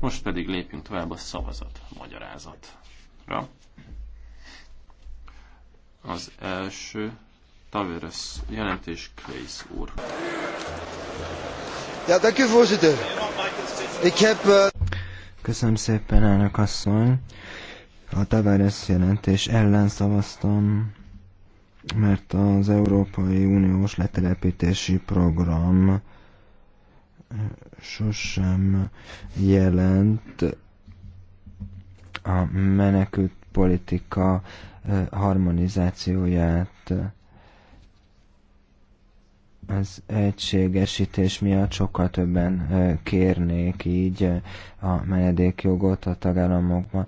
Most pedig lépjünk tovább a szavazat magyarázatra. Az első Taveres jelentés Kleisz úr. Ja, thank you, voorzitter. Ik heb... Uh... Köszönöm szépen, elnök asszony. A Tavares jelentés ellen szavaztam, mert az Európai Uniós letelepítési program sosem jelent a menekült politika harmonizációját az egységesítés miatt sokkal többen kérnék így a menedékjogot a tagállamokban.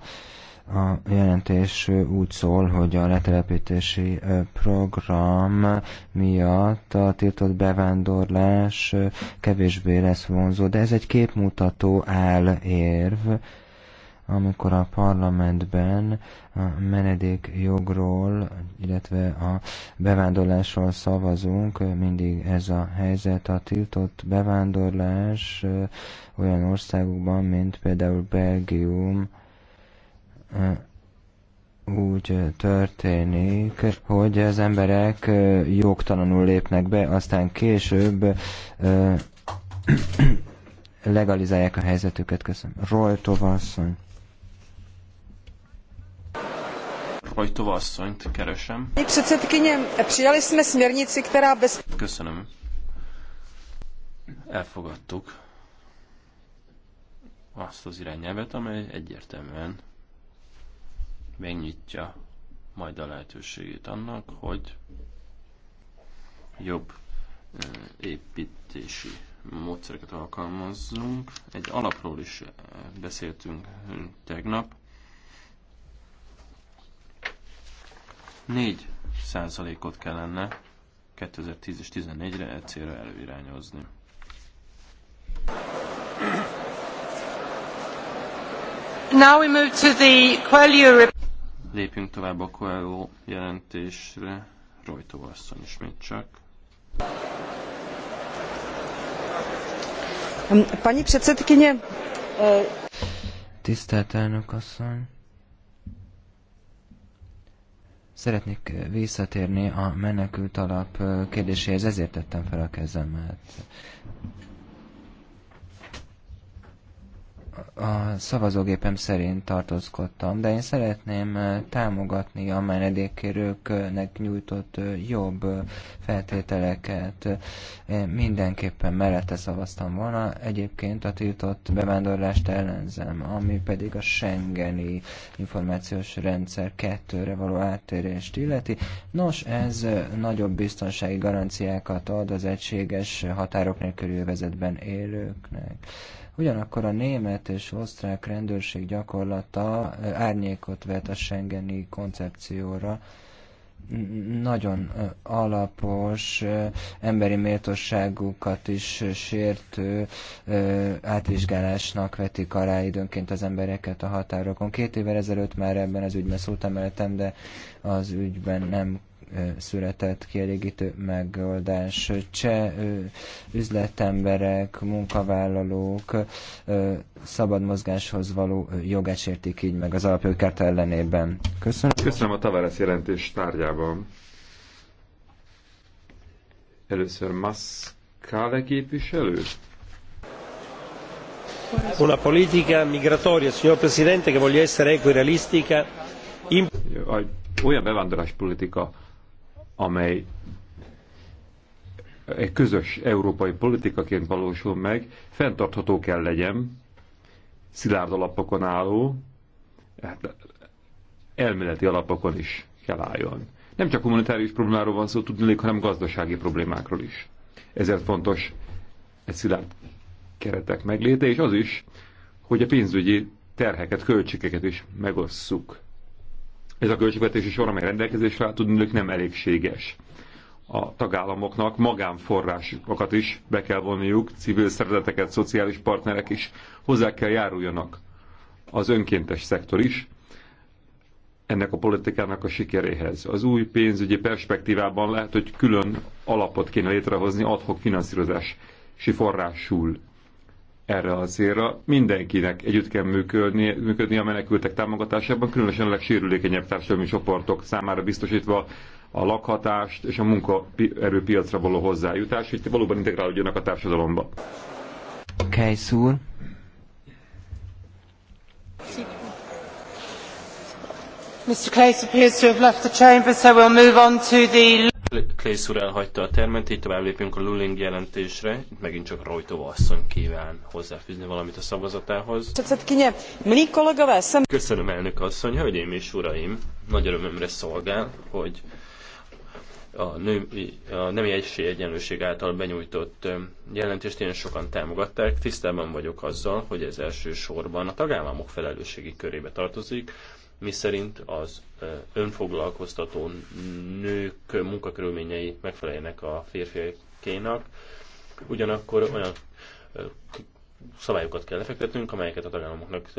A jelentés úgy szól, hogy a letelepítési program miatt a tiltott bevándorlás kevésbé lesz vonzó, de ez egy képmutató állérv, amikor a parlamentben a menedékjogról, illetve a bevándorlásról szavazunk, mindig ez a helyzet. A tiltott bevándorlás olyan országokban, mint például Belgium, úgy történik, hogy az emberek jogtalanul lépnek be, aztán később legalizálják a helyzetüket. Köszönöm. Rojtova asszony. Rojtova asszonyt keresem. Köszönöm. Elfogadtuk azt az irányelvet, amely egyértelműen megnyitja majd a lehetőségét annak, hogy jobb építési módszereket alkalmazzunk. Egy alapról is beszéltünk tegnap. 4 százalékot kellene 2010 és 2014-re egy célra előirányozni. Now we move to the Lépjünk tovább a Coelho jelentésre. Rojtó asszony ismét csak. Pani předsedkyně. Eh, Tisztelt elnök asszony. Szeretnék visszatérni a menekült alap eh, kérdéséhez, ezért tettem fel a kezemet. a szavazógépem szerint tartózkodtam, de én szeretném támogatni a menedékkérőknek nyújtott jobb feltételeket. Én mindenképpen mellette szavaztam volna, egyébként a tiltott bevándorlást ellenzem, ami pedig a Schengeni információs rendszer kettőre való áttérést illeti. Nos, ez nagyobb biztonsági garanciákat ad az egységes határok nélkül övezetben élőknek Ugyanakkor a német és osztrák rendőrség gyakorlata árnyékot vet a Schengeni koncepcióra, nagyon alapos, emberi méltóságukat is sértő átvizsgálásnak vetik alá időnként az embereket a határokon. Két évvel ezelőtt már ebben az ügyben szólt emeltem, de az ügyben nem született kielégítő megoldás. Cseh üzletemberek, munkavállalók szabad mozgáshoz való jogát sértik így meg az alapjogkárt ellenében. Köszönöm. Köszönöm a Tavares jelentés tárgyában. Először Maszkále képviselő. Una politica migratoria, signor Presidente, che voglia essere equirealistica. E In... Olyan politika, amely egy közös európai politikaként valósul meg, fenntartható kell legyen, szilárd alapokon álló, hát elméleti alapokon is kell álljon. Nem csak humanitárius problémáról van szó, tudnék, hanem gazdasági problémákról is. Ezért fontos egy szilárd keretek megléte, és az is, hogy a pénzügyi terheket, költségeket is megosszuk ez a költségvetési sor, amely rendelkezésre áll, tudni hogy nem elégséges. A tagállamoknak magánforrásokat is be kell vonniuk, civil szervezeteket, szociális partnerek is hozzá kell járuljanak. Az önkéntes szektor is ennek a politikának a sikeréhez. Az új pénzügyi perspektívában lehet, hogy külön alapot kéne létrehozni adhok finanszírozási forrásul erre a célra. Mindenkinek együtt kell működni, működni a menekültek támogatásában, különösen a legsérülékenyebb társadalmi csoportok számára biztosítva a lakhatást és a munkaerőpiacra való hozzájutás, hogy valóban integrálódjanak a társadalomba. Okay, úr. Mr. Claes appears to have left the chamber, so we'll move on to the Klész úr elhagyta a termet, így tovább lépünk a Luling jelentésre. Itt megint csak Rojtova asszony kíván hozzáfűzni valamit a szavazatához. Köszönöm elnök asszony, hölgyeim és uraim! Nagy örömömre szolgál, hogy a, nő, a nemi egység egyenlőség által benyújtott jelentést ilyen sokan támogatták. Tisztában vagyok azzal, hogy ez elsősorban a tagállamok felelősségi körébe tartozik, miszerint az önfoglalkoztató nők munkakörülményei megfeleljenek a férfiakénak. Ugyanakkor olyan szabályokat kell lefektetnünk, amelyeket a tagállamoknak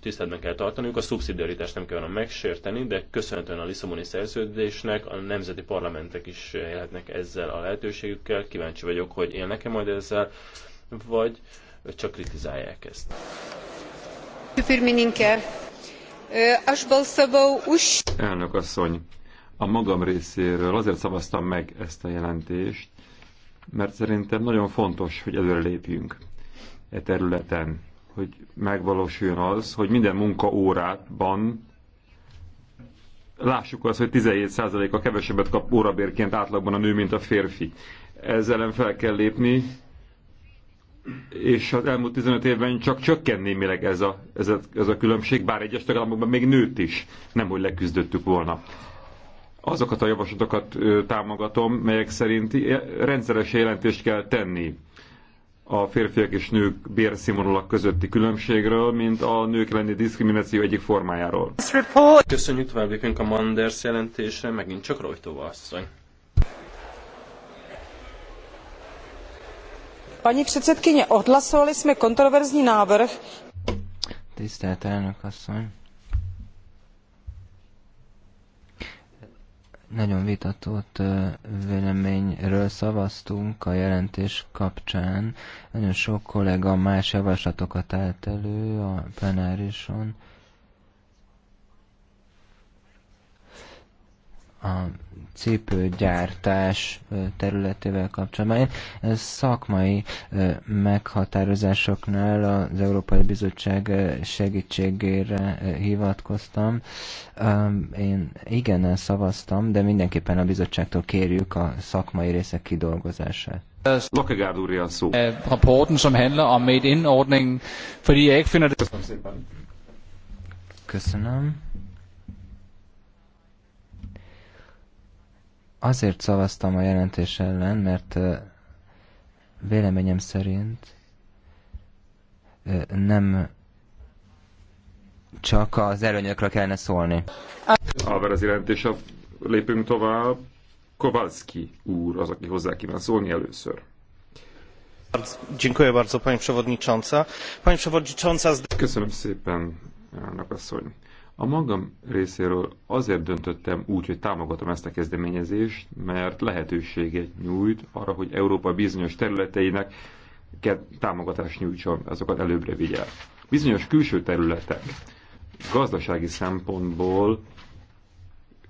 tiszteletben kell tartaniuk. A szubszidiaritást nem kellene megsérteni, de köszönhetően a Lisszaboni szerződésnek a nemzeti parlamentek is élhetnek ezzel a lehetőségükkel. Kíváncsi vagyok, hogy élnek-e majd ezzel, vagy csak kritizálják ezt. Köszönöm, Aš balsavau už. Elnök asszony, a magam részéről azért szavaztam meg ezt a jelentést, mert szerintem nagyon fontos, hogy előre lépjünk e területen, hogy megvalósuljon az, hogy minden munkaórában lássuk azt, hogy 17%-a kevesebbet kap órabérként átlagban a nő, mint a férfi. Ezzel ellen fel kell lépni, és az elmúlt 15 évben csak csökken némileg ez a, ez a, ez a különbség, bár egyes tagállamokban még nőtt is, nem hogy leküzdöttük volna. Azokat a javaslatokat támogatom, melyek szerint rendszeres jelentést kell tenni a férfiak és nők bérszínvonalak közötti különbségről, mint a nők lenni diszkrimináció egyik formájáról. Köszönjük további a Manders jelentésre, megint csak Rojtova asszony. paní předsedkyně odhlasovali jsme kontroverzní návrh Tisztelt elnök asszony! Nagyon vitatott véleményről szavaztunk a jelentés kapcsán. Nagyon sok kollega más javaslatokat állt elő a plenárison. a cipőgyártás területével kapcsolatban. Én szakmai meghatározásoknál az Európai Bizottság segítségére hivatkoztam. Én igen szavaztam, de mindenképpen a bizottságtól kérjük a szakmai részek kidolgozását. Lokkegaard úr ilyen szó. Rapporten, som handler om made in ordning fordi jeg ikke finder det... Köszönöm. Azért szavaztam a jelentés ellen, mert véleményem szerint nem csak az előnyökre kellene szólni. Alver az jelentése, lépünk tovább. Kowalski úr az, aki hozzá kíván szólni először. Dziękuję bardzo, pani przewodnicząca. Pani przewodnicząca... Köszönöm szépen, elnök asszony. A magam részéről azért döntöttem úgy, hogy támogatom ezt a kezdeményezést, mert lehetőséget nyújt arra, hogy Európa bizonyos területeinek támogatást nyújtson, azokat előbbre vigye. Bizonyos külső területek gazdasági szempontból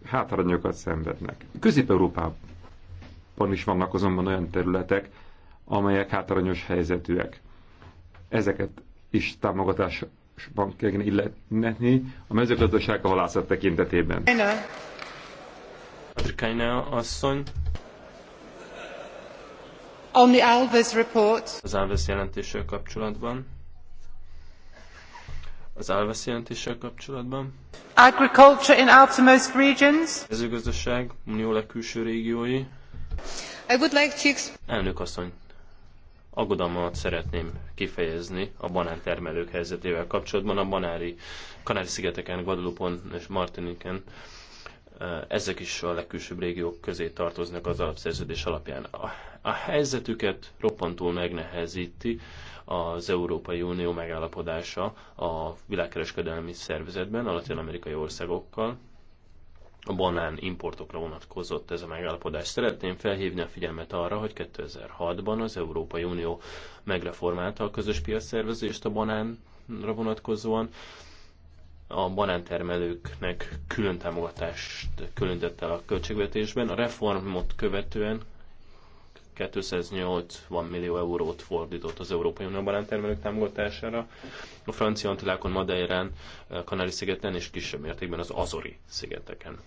hátrányokat szenvednek. Közép-Európában is vannak azonban olyan területek, amelyek hátrányos helyzetűek. Ezeket is támogatás bankjaigen illetni a mezőgazdaság a halászat tekintetében. Kaina asszony. On the Alves report. Az Alves jelentéssel kapcsolatban. Az Alves jelentéssel kapcsolatban. Agriculture in outermost regions. Mezőgazdaság, unió legkülső régiói. I would like to... Elnök asszony, aggodalmat szeretném kifejezni a banántermelők helyzetével kapcsolatban. A banári Kanári-szigeteken, Guadalupon és Martiniken eh, ezek is a legkülsőbb régiók közé tartoznak az alapszerződés alapján. A, a helyzetüket roppantól megnehezíti az Európai Unió megállapodása a világkereskedelmi szervezetben, a latin-amerikai országokkal, a banán importokra vonatkozott ez a megállapodás. Szeretném felhívni a figyelmet arra, hogy 2006-ban az Európai Unió megreformálta a közös piacszervezést a banánra vonatkozóan. A banántermelőknek külön támogatást különített el a költségvetésben. A reformot követően 280 millió eurót fordított az Európai Unió banántermelők támogatására. A francia antilákon, Madeirán, Kanári-szigeten és kisebb mértékben az Azori szigeteken.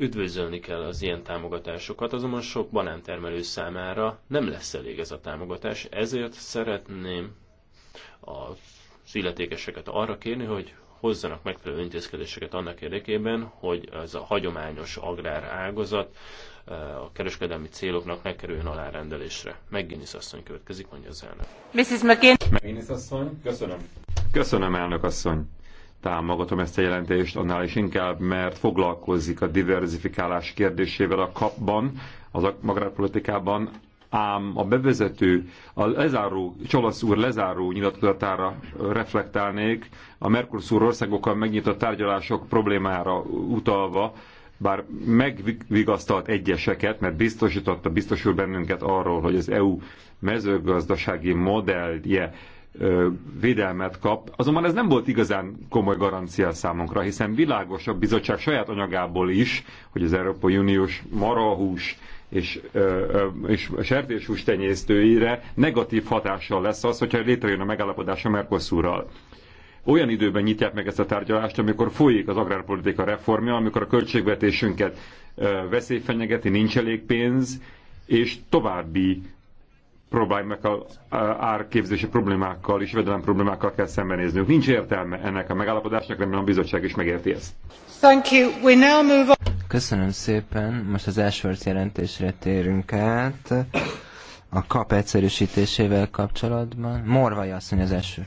Üdvözölni kell az ilyen támogatásokat, azonban sok banántermelő számára nem lesz elég ez a támogatás, ezért szeretném az illetékeseket arra kérni, hogy hozzanak megfelelő intézkedéseket annak érdekében, hogy ez a hagyományos agrár ágazat eh, a kereskedelmi céloknak ne kerüljön alárendelésre. McGinnis asszony következik, mondja az elnök. Mrs. McGinnis. McGinnis asszony, köszönöm. Köszönöm, elnök asszony támogatom ezt a jelentést, annál is inkább, mert foglalkozik a diversifikálás kérdésével a kapban, az agrárpolitikában, ám a bevezető, a lezáró, Csolasz úr lezáró nyilatkozatára reflektálnék, a Mercosur országokkal megnyitott tárgyalások problémára utalva, bár megvigasztalt egyeseket, mert biztosította, biztosul bennünket arról, hogy az EU mezőgazdasági modellje védelmet kap. Azonban ez nem volt igazán komoly garancia számunkra, hiszen világos a bizottság saját anyagából is, hogy az Európai Uniós marahús és, és sertéshús tenyésztőire negatív hatással lesz az, hogyha létrejön a megállapodás a Mercosurral. Olyan időben nyitják meg ezt a tárgyalást, amikor folyik az agrárpolitika reformja, amikor a költségvetésünket veszély fenyegeti, nincs elég pénz, és további próbálj meg az árképzési problémákkal és vedelem problémákkal kell szembenéznünk. Nincs értelme ennek a megállapodásnak, remélem a bizottság is megérti ezt. Thank you. We now move on. Köszönöm szépen. Most az Ashworth jelentésre térünk át. A kap egyszerűsítésével kapcsolatban. Morvai asszony az első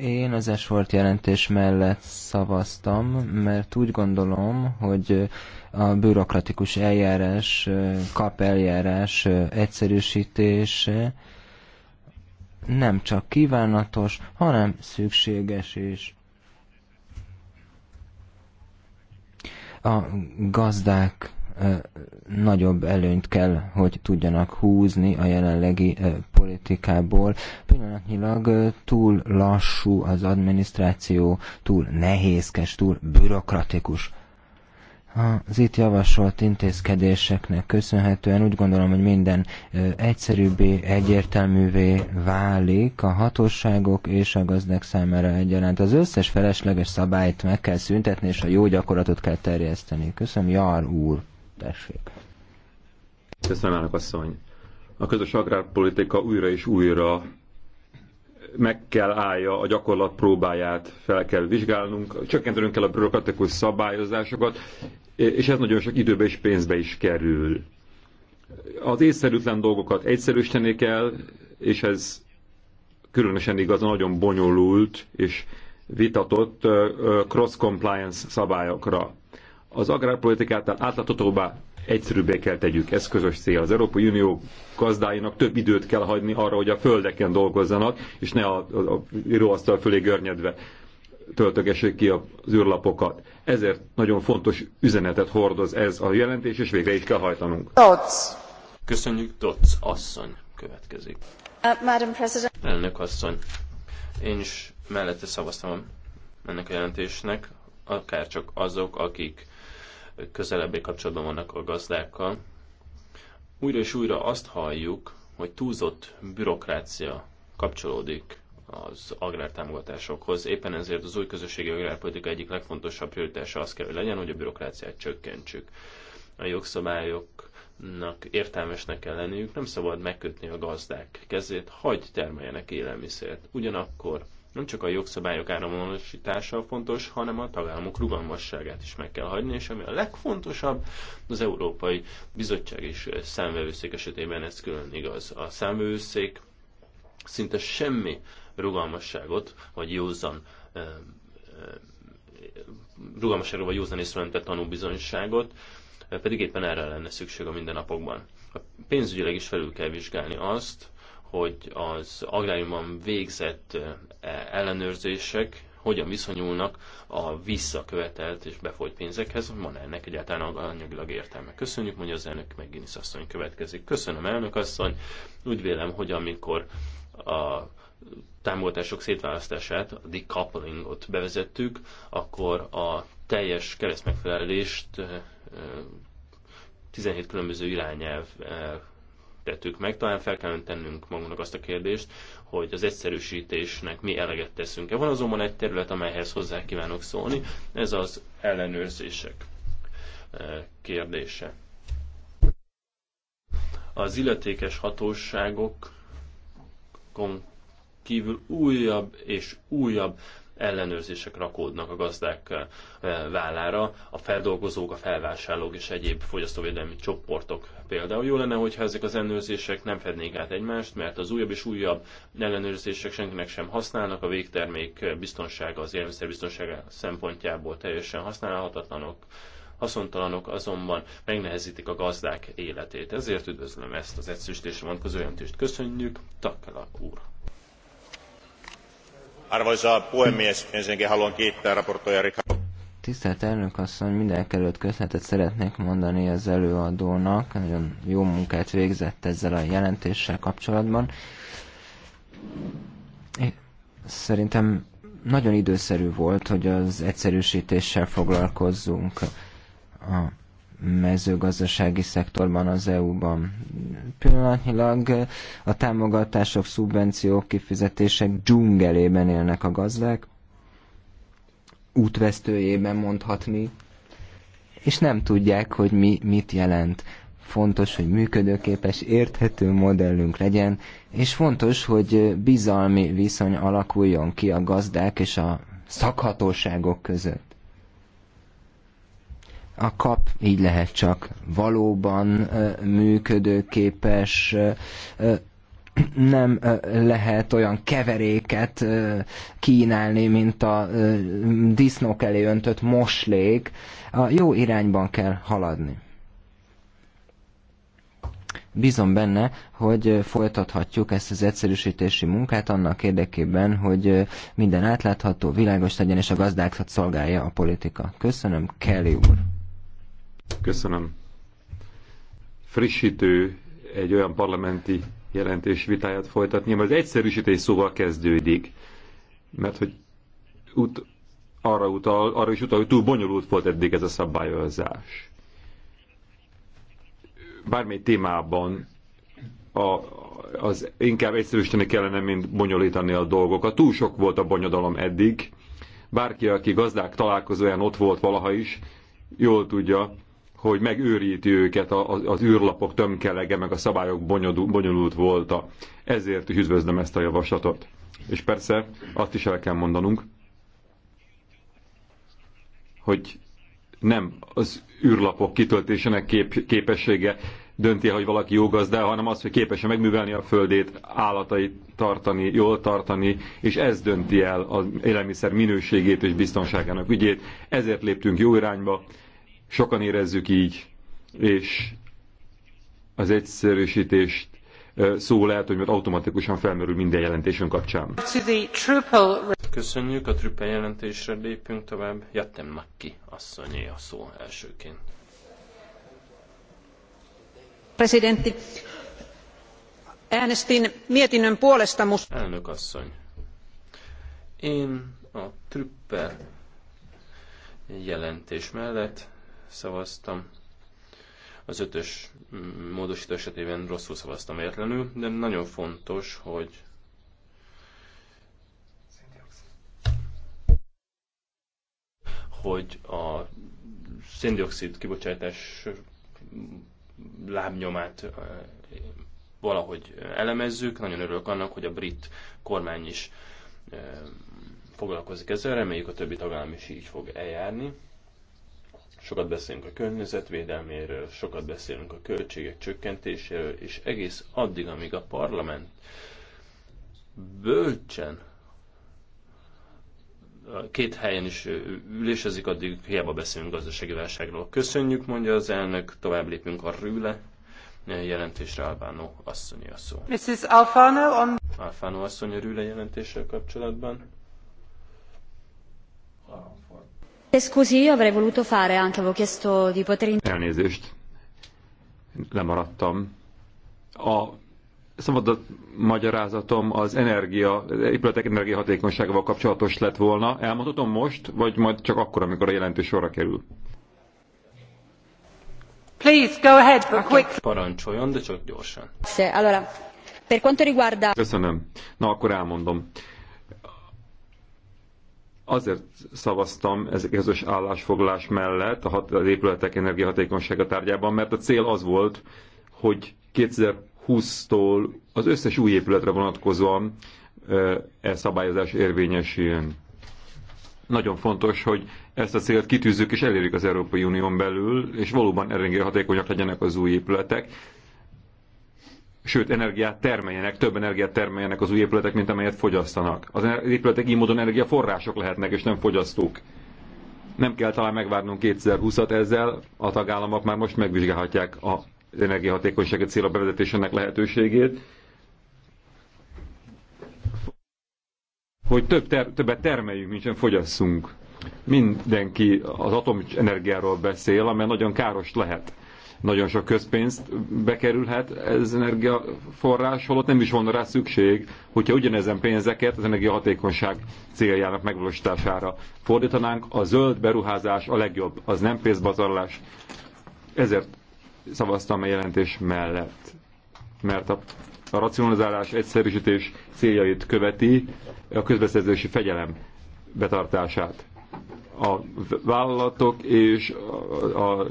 Én az Esfort jelentés mellett szavaztam, mert úgy gondolom, hogy a bürokratikus eljárás, kap eljárás egyszerűsítése nem csak kívánatos, hanem szükséges is. A gazdák nagyobb előnyt kell, hogy tudjanak húzni a jelenlegi politikából. Pillanatnyilag túl lassú az adminisztráció, túl nehézkes, túl bürokratikus. Az itt javasolt intézkedéseknek köszönhetően úgy gondolom, hogy minden egyszerűbbé, egyértelművé válik a hatóságok és a gazdák számára egyaránt. Az összes felesleges szabályt meg kell szüntetni, és a jó gyakorlatot kell terjeszteni. Köszönöm, Jar úr! tessék. Köszönöm, elnök asszony. A közös agrárpolitika újra és újra meg kell állja a gyakorlat próbáját, fel kell vizsgálnunk, csökkentenünk kell a bürokratikus szabályozásokat, és ez nagyon sok időbe és pénzbe is kerül. Az észszerűtlen dolgokat egyszerűsíteni kell, és ez különösen igaz a nagyon bonyolult és vitatott cross-compliance szabályokra. Az agrárpolitikát átláthatóbbá, egyszerűbbé kell tegyük, ez közös cél. Az Európai Unió gazdáinak több időt kell hagyni arra, hogy a földeken dolgozzanak, és ne a, a, a íróasztal fölé görnyedve töltögessék ki az űrlapokat. Ezért nagyon fontos üzenetet hordoz ez a jelentés, és végre is kell hajtanunk. Dotz. Köszönjük, Dotz asszony következik. Uh, Madam President. Elnök asszony, én is mellette szavaztam ennek a jelentésnek, akár csak azok, akik közelebbi kapcsolatban vannak a gazdákkal. Újra és újra azt halljuk, hogy túlzott bürokrácia kapcsolódik az agrártámogatásokhoz. Éppen ezért az új közösségi agrárpolitika egyik legfontosabb prioritása az kell, hogy legyen, hogy a bürokráciát csökkentsük. A jogszabályoknak értelmesnek kell lenniük, nem szabad megkötni a gazdák kezét, hagyj termeljenek élelmiszert. Ugyanakkor nem csak a jogszabályok áramolosítása fontos, hanem a tagállamok rugalmasságát is meg kell hagyni, és ami a legfontosabb, az Európai Bizottság és számvevőszék esetében ez külön igaz. A számvevőszék szinte semmi rugalmasságot, vagy józan rugalmasságra vagy józan észre tett tanúbizonyságot, pedig éppen erre lenne szükség a mindennapokban. A pénzügyileg is felül kell vizsgálni azt, hogy az agráriumban végzett ellenőrzések hogyan viszonyulnak a visszakövetelt és befolyt pénzekhez, van ennek egyáltalán anyagilag értelme. Köszönjük, mondja az elnök, meg Guinness asszony következik. Köszönöm, elnök asszony. Úgy vélem, hogy amikor a támogatások szétválasztását, a decouplingot bevezettük, akkor a teljes keresztmegfelelést 17 különböző irányelv tettük meg. Talán fel kellene tennünk magunknak azt a kérdést, hogy az egyszerűsítésnek mi eleget teszünk-e. Van azonban egy terület, amelyhez hozzá kívánok szólni, ez az ellenőrzések eh, kérdése. Az illetékes hatóságokon kívül újabb és újabb ellenőrzések rakódnak a gazdák eh, vállára, a feldolgozók, a felvásárlók és egyéb fogyasztóvédelmi csoportok például. Jó lenne, hogyha ezek az ellenőrzések nem fednék át egymást, mert az újabb és újabb ellenőrzések senkinek sem használnak, a végtermék biztonsága, az biztonsága szempontjából teljesen használhatatlanok, haszontalanok azonban megnehezítik a gazdák életét. Ezért üdvözlöm ezt az egyszerűsítésre vonatkozó jelentést. Köszönjük, Takala úr! Arvoisa puhemies, ensinnäkin haluan kiittää raportoja Richard. Tisztelt elnök asszony, mindenkelőtt köszönetet szeretnék mondani az előadónak. Nagyon jó munkát végzett ezzel a jelentéssel kapcsolatban. Szerintem nagyon időszerű volt, hogy az egyszerűsítéssel foglalkozzunk a mezőgazdasági szektorban az EU-ban. Pillanatnyilag a támogatások, szubvenciók, kifizetések dzsungelében élnek a gazdák, útvesztőjében mondhatni, és nem tudják, hogy mi mit jelent. Fontos, hogy működőképes, érthető modellünk legyen, és fontos, hogy bizalmi viszony alakuljon ki a gazdák és a szakhatóságok között a kap így lehet csak valóban működőképes, nem lehet olyan keveréket kínálni, mint a disznók elé öntött moslék. A jó irányban kell haladni. Bízom benne, hogy folytathatjuk ezt az egyszerűsítési munkát annak érdekében, hogy minden átlátható, világos legyen, és a gazdákat szolgálja a politika. Köszönöm, Kelly úr! Köszönöm. Frissítő egy olyan parlamenti jelentés vitáját folytatni, az egyszerűsítés szóval kezdődik, mert hogy ut, arra, utal, arra is utal, hogy túl bonyolult volt eddig ez a szabályozás. Bármely témában a, az inkább egyszerűsíteni kellene, mint bonyolítani a dolgokat. Túl sok volt a bonyodalom eddig. Bárki, aki gazdák találkozóján ott volt valaha is, jól tudja, hogy megőríti őket az, űrlapok tömkelege, meg a szabályok bonyolult, volta. Ezért is üdvözlöm ezt a javaslatot. És persze azt is el kell mondanunk, hogy nem az űrlapok kitöltésének kép, képessége dönti, hogy valaki jó gazda, hanem az, hogy képes-e megművelni a földét, állatait tartani, jól tartani, és ez dönti el az élelmiszer minőségét és biztonságának ügyét. Ezért léptünk jó irányba, Sokan érezzük így, és az egyszerűsítést szó lehet, hogy automatikusan felmerül minden jelentésünk kapcsán. Köszönjük, a trüppel jelentésre lépünk tovább. meg ki, asszonyé a szó elsőként. Presidentti, äänestin mietinnön puolesta, must... Elnök asszony, én a trüppel jelentés mellett szavaztam. Az ötös módosító esetében rosszul szavaztam értelenül, de nagyon fontos, hogy hogy a széndiokszid kibocsátás lábnyomát valahogy elemezzük. Nagyon örülök annak, hogy a brit kormány is foglalkozik ezzel, reméljük a többi tagállam is így fog eljárni. Sokat beszélünk a környezetvédelméről, sokat beszélünk a költségek csökkentéséről, és egész addig, amíg a parlament bölcsen két helyen is ülésezik, addig hiába beszélünk gazdasági válságról. Köszönjük, mondja az elnök, tovább lépünk a rűle jelentésre Albánó Asszony a szó. Mrs. Alfano, on... Alfano asszony a rűle jelentéssel kapcsolatban. E scusi, avrei voluto fare anche, avevo chiesto di poter... Elnézést, lemaradtam. A szabad magyarázatom az energia, épületek energiahatékonyságával kapcsolatos lett volna. Elmondhatom most, vagy majd csak akkor, amikor a jelentős sorra kerül? Please, go ahead, but quick. Parancsoljon, de csak gyorsan. Allora, per quanto riguarda... Köszönöm. Na, akkor elmondom azért szavaztam ezek közös állásfoglalás mellett a hat, az épületek energiahatékonysága tárgyában, mert a cél az volt, hogy 2020-tól az összes új épületre vonatkozóan e szabályozás érvényesüljön. Nagyon fontos, hogy ezt a célt kitűzzük és elérjük az Európai Unión belül, és valóban energiahatékonyak legyenek az új épületek, sőt energiát termeljenek, több energiát termeljenek az új épületek, mint amelyet fogyasztanak. Az épületek így módon energiaforrások lehetnek, és nem fogyasztók. Nem kell talán megvárnunk 2020-at ezzel, a tagállamok már most megvizsgálhatják a energiahatékonysági célra bevezetésének lehetőségét. Hogy több ter- többet termeljünk, sem fogyasszunk. Mindenki az atomenergiáról beszél, amely nagyon káros lehet nagyon sok közpénzt bekerülhet ez energiaforrás, holott nem is van rá szükség, hogyha ugyanezen pénzeket az energiahatékonyság céljának megvalósítására fordítanánk. A zöld beruházás a legjobb, az nem pénzbazarlás. Ezért szavaztam a jelentés mellett, mert a a racionalizálás egyszerűsítés céljait követi a közbeszerzési fegyelem betartását. A vállalatok és a, a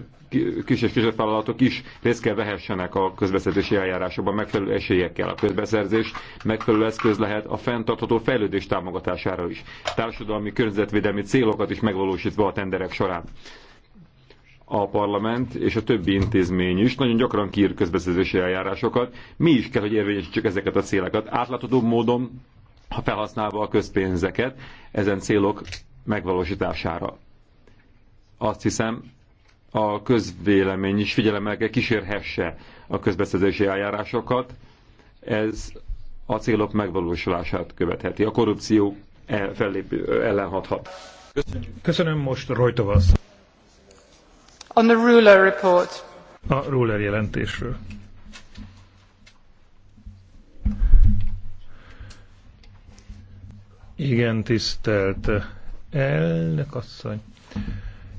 kis és vállalatok is részt kell vehessenek a közbeszerzési eljárásokban megfelelő esélyekkel. A közbeszerzés megfelelő eszköz lehet a fenntartható fejlődés támogatására is, társadalmi környezetvédelmi célokat is megvalósítva a tenderek során. A parlament és a többi intézmény is nagyon gyakran kiír közbeszerzési eljárásokat. Mi is kell, hogy érvényesítsük ezeket a célokat. Átlátható módon ha felhasználva a közpénzeket ezen célok megvalósítására. Azt hiszem, a közvélemény is figyelemmel kell kísérhesse a közbeszerzési eljárásokat. Ez a célok megvalósulását követheti. A korrupció e- fellép, ellen hathat. Köszönöm. Köszönöm most Rojtovasz. On the ruler report. A ruler jelentésről. Igen, tisztelt elnök asszony.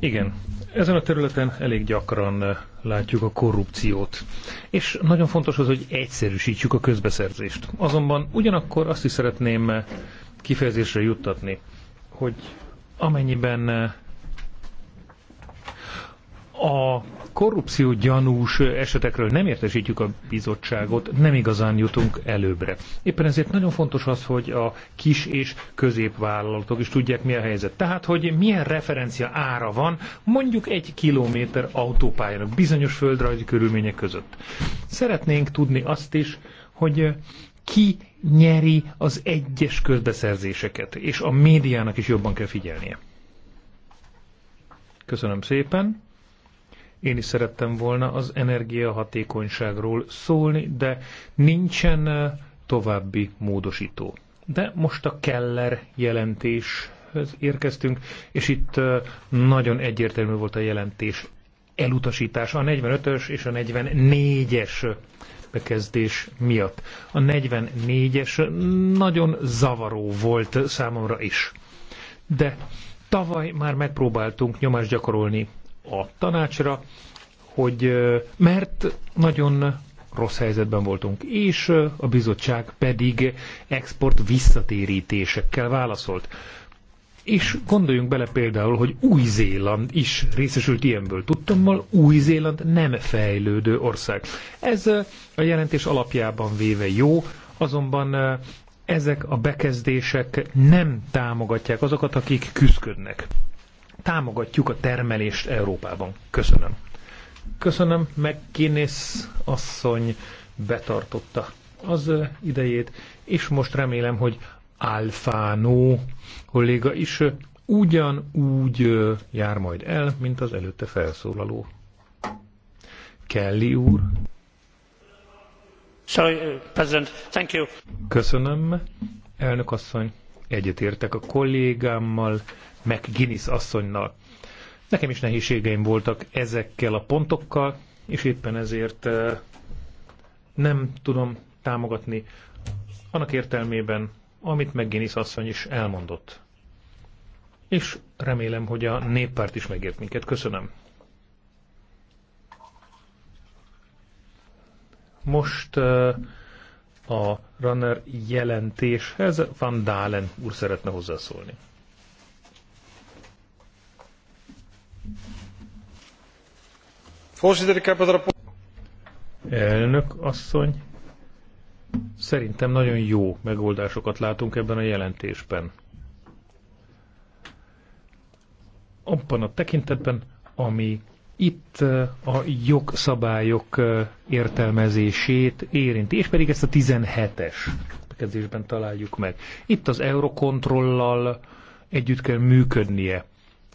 Igen, ezen a területen elég gyakran eh, látjuk a korrupciót. És nagyon fontos az, hogy egyszerűsítsük a közbeszerzést. Azonban ugyanakkor azt is szeretném eh, kifejezésre juttatni, hogy amennyiben eh, a korrupció gyanús esetekről nem értesítjük a bizottságot, nem igazán jutunk előbbre. Éppen ezért nagyon fontos az, hogy a kis és középvállalatok is tudják, mi a helyzet. Tehát, hogy milyen referencia ára van mondjuk egy kilométer autópályának bizonyos földrajzi körülmények között. Szeretnénk tudni azt is, hogy ki nyeri az egyes közbeszerzéseket, és a médiának is jobban kell figyelnie. Köszönöm szépen! Én is szerettem volna az energiahatékonyságról szólni, de nincsen további módosító. De most a Keller jelentéshez érkeztünk, és itt nagyon egyértelmű volt a jelentés elutasítása a 45-ös és a 44-es bekezdés miatt. A 44-es nagyon zavaró volt számomra is. De tavaly már megpróbáltunk nyomást gyakorolni a tanácsra, hogy mert nagyon rossz helyzetben voltunk, és a bizottság pedig export visszatérítésekkel válaszolt. És gondoljunk bele például, hogy Új-Zéland is részesült ilyenből. Tudtommal Új-Zéland nem fejlődő ország. Ez a jelentés alapjában véve jó, azonban ezek a bekezdések nem támogatják azokat, akik küzdködnek támogatjuk a termelést Európában. Köszönöm. Köszönöm, McGuinness asszony betartotta az idejét, és most remélem, hogy Alfano kolléga is ugyanúgy jár majd el, mint az előtte felszólaló. Kelly úr. Sorry, President. Thank you. Köszönöm, elnök asszony. Egyetértek a kollégámmal, McGuinness asszonynal. Nekem is nehézségeim voltak ezekkel a pontokkal, és éppen ezért eh, nem tudom támogatni annak értelmében, amit McGuinness asszony is elmondott. És remélem, hogy a néppárt is megért minket. Köszönöm. Most eh, a runner jelentéshez Van Dalen úr szeretne hozzászólni. Elnök asszony, szerintem nagyon jó megoldásokat látunk ebben a jelentésben. Abban a tekintetben, ami itt eh, a jogszabályok eh, értelmezését érinti, és pedig ezt a 17-es bekezdésben találjuk meg. Itt az Eurokontrollal együtt kell működnie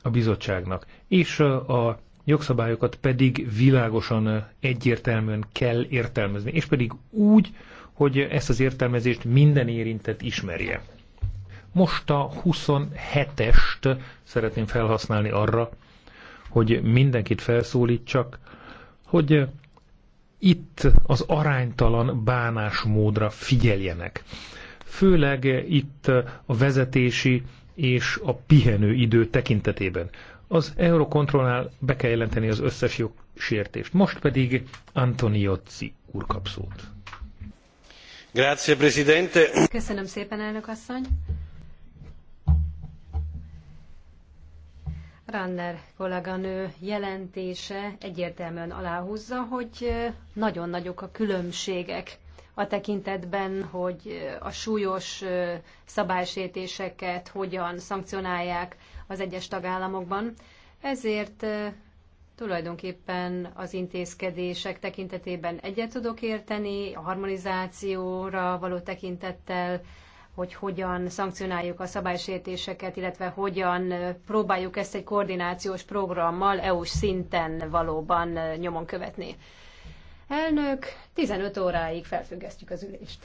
a bizottságnak, és eh, a jogszabályokat pedig világosan, egyértelműen kell értelmezni, és pedig úgy, hogy ezt az értelmezést minden érintett ismerje. Most a 27-est szeretném felhasználni arra, hogy mindenkit felszólítsak, hogy itt az aránytalan bánásmódra figyeljenek. Főleg itt a vezetési és a pihenő idő tekintetében. Az Eurocontrolnál be kell jelenteni az összes jogsértést. Most pedig Antoniozzi úr kap szót. Grazie, Presidente. Köszönöm szépen, elnök asszony. Ranner kolléganő jelentése egyértelműen aláhúzza, hogy nagyon nagyok a különbségek a tekintetben, hogy a súlyos szabálysértéseket hogyan szankcionálják az egyes tagállamokban. Ezért tulajdonképpen az intézkedések tekintetében egyet tudok érteni, a harmonizációra való tekintettel, hogy hogyan szankcionáljuk a szabálysértéseket, illetve hogyan próbáljuk ezt egy koordinációs programmal EU-s szinten valóban nyomon követni. Elnök, 15 óráig felfüggesztjük az ülést.